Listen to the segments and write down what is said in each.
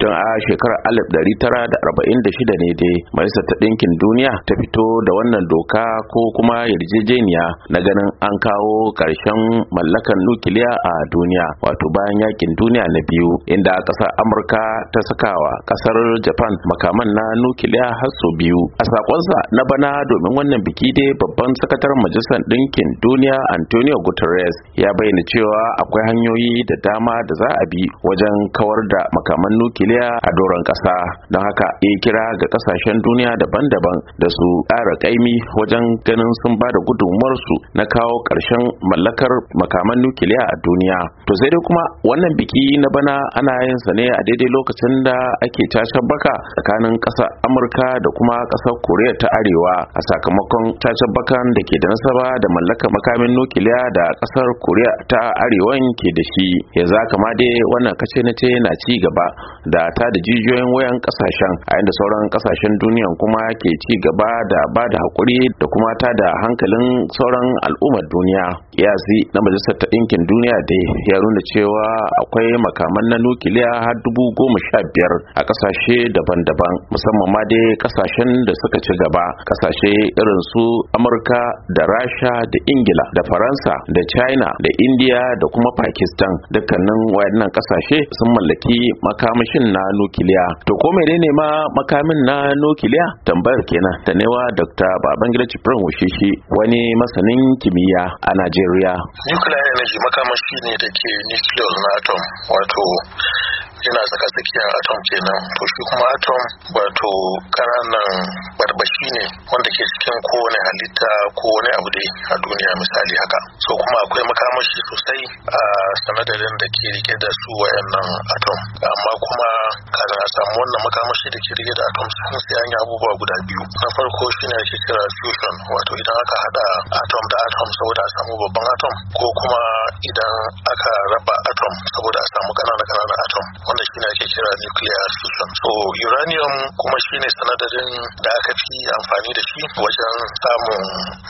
tun a shekarar alif tara da shida ne dai majalisar ta ɗinkin duniya ta fito da wannan doka ko kuma yarjejeniya na ganin an kawo ƙarshen mallakan nukiliya a duniya wato bayan yakin duniya na biyu inda ƙasar amurka ta sakawa ƙasar japan makaman na nukiliya har sau biyu a sakonsa na bana domin wannan biki dai babban sakataren majalisar ɗinkin duniya antonio guterres ya bayyana cewa akwai hanyoyi da dama da za a bi wajen kawar da makaman nukiliya nukiliya a doron kasa don haka ya kira ga ƙasashen duniya daban-daban da su ƙara ƙaimi wajen ganin sun ba da gudunmuwarsu na kawo ƙarshen mallakar makaman nukiliya a duniya to sai dai kuma wannan biki na bana ana yin sa ne a daidai lokacin da ake tashar baka tsakanin ƙasar amurka da kuma ƙasar koriya ta arewa a sakamakon tashar bakan da ke da nasaba da mallakar makamin nukiliya da ƙasar koriya ta arewa ke da shi yanzu kama dai wannan kace na ce na ci gaba da ta da jijiyoyin wayan kasashen a inda sauran kasashen duniya kuma ke ci gaba da ba da hakuri da kuma ta da hankalin sauran al'ummar duniya yasi na majalisar ta ɗinkin duniya da ya nuna cewa akwai makaman na nukiliya har dubu goma sha biyar a kasashe daban-daban musamman ma dai kasashen da suka ci gaba kasashe irin su amurka da rasha da ingila da faransa da china da Indiya da kuma pakistan dukkanin wayannan kasashe sun mallaki makamashin makamin na nukiliya to ko menene ma makamin na nukiliya tambayar kenan ta newa dr babangida washe wushishi wani masanin kimiyya a najeriya nuclear energy makamashi ne da ke nucleus na atom wato yana saka tsakiyar atom kenan to shi kuma atom wato ƙananan barbashi ne wanda ke cikin kowane halitta ko wani abu dai a duniya misali haka so kuma akwai makamashi sosai a sanadarin da ke rike da su wayannan atom amma kuma kaza a samu wannan makamashi da ke rike da atom sun sai an yi abubuwa guda biyu na farko shine ake kira fusion wato idan aka hada atom da atom saboda a samu babban atom ko kuma idan aka raba atom saboda a samu kanana kananan atom wanda shi ne ake kira nuclear fusion so uranium kuma shi ne sanadarin da aka fi amfani da shi wajen samun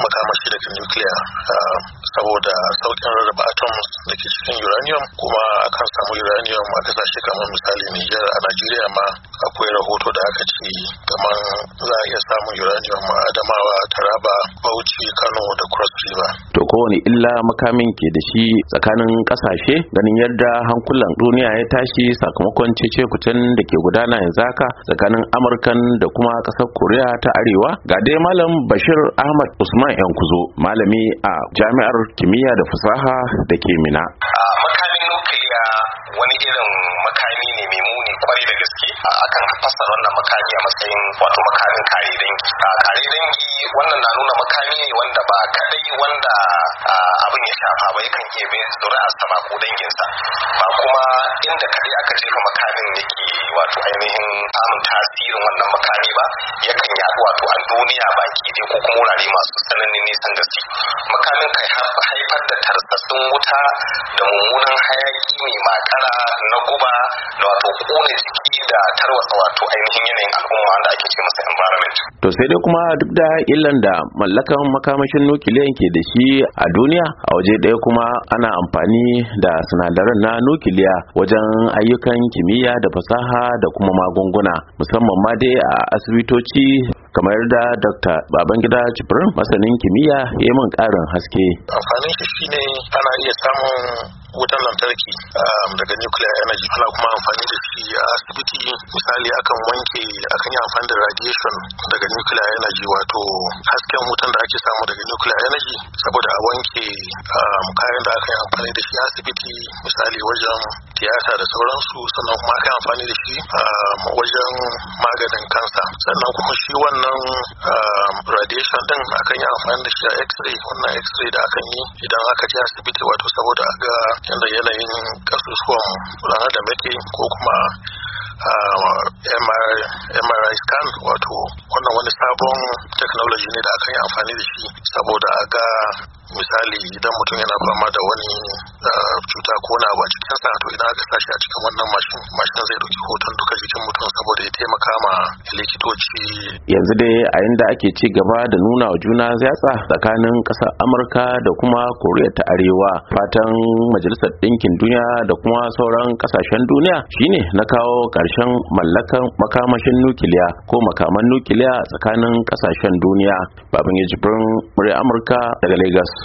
makamashi daga nuclear ah, saboda saukin rarraba atoms da ke cikin uranium kuma akan samu uranium a kasashe kamar misali Niger a Najeriya ma akwai rahoto da aka ce kamar za a iya samun uranium a adamawa taraba bauchi kano da cross river to kowane illa makamin ke da shi tsakanin kasashe ganin yadda hankulan duniya ya tashi sakamakon cece kucin da ke gudana yanzu haka tsakanin amurkan da kuma kasar korea ta arewa ga dai malam bashir ahmad usman yankuzo malami a jami'ar kimiyya da fasaha da ke mina akan fassara wannan makami a matsayin wato makamin kare dangi a kare dangi wannan na nuna makami ne wanda ba kadai wanda abin ya shafa ba yakan bin zuri'arsa sama ko danginsa ba kuma inda kadai aka jefa makamin yake wato ainihin samun tasirin wannan makami ba yakan yaɗu wato a duniya baki ɗaya ko kuma wurare masu tsananin nisan gaske makamin kai haifar da tarsatsin wuta da mummunan hayaki mai makara na guba da wato kone jiki da tarwatsa wato ainihin yanayin al'umma to sai dai kuma duk da illan da mallakan makamashin nukiliyan ke da shi a duniya a waje ɗaya kuma ana amfani da sinadaran na nukiliya wajen ayyukan kimiyya da fasaha da kuma magunguna musamman ma dai a asibitoci kamar da dr babangida jibrin masanin kimiyya ya min karin haske amfanin shi shine ana iya samun wutan lantarki um, daga nuclear energy ana kuma amfani da shi a asibiti misali akan wanke akan yi amfani da radiation daga nuclear energy wato hasken wutan da ake samu daga nuclear energy saboda a wanke um, kayan da aka yi amfani da shi a asibiti misali wajen tiyata da sauransu sannan kuma aka amfani da shi a wajen maganin kansa sannan kuma shi wannan radiation din akan yi amfani da shi a x-ray wannan x-ray da akan yi idan aka je asibiti wato saboda a ga yadda yanayin kasusuwan ɗan adam yake ko kuma MRI scan wato wannan wani sabon technology ne da aka yi amfani da shi saboda a ga misali idan mutum yana fama da yanzu dai a inda ake ci gaba da nuna wa juna yatsa tsakanin ƙasar amurka da kuma koriya ta arewa fatan majalisar ɗinkin duniya da kuma sauran ƙasashen duniya shine na kawo ƙarshen mallakan makamashin nukiliya ko makaman nukiliya tsakanin ƙasashen duniya babin ya jibrin murya amurka daga lagos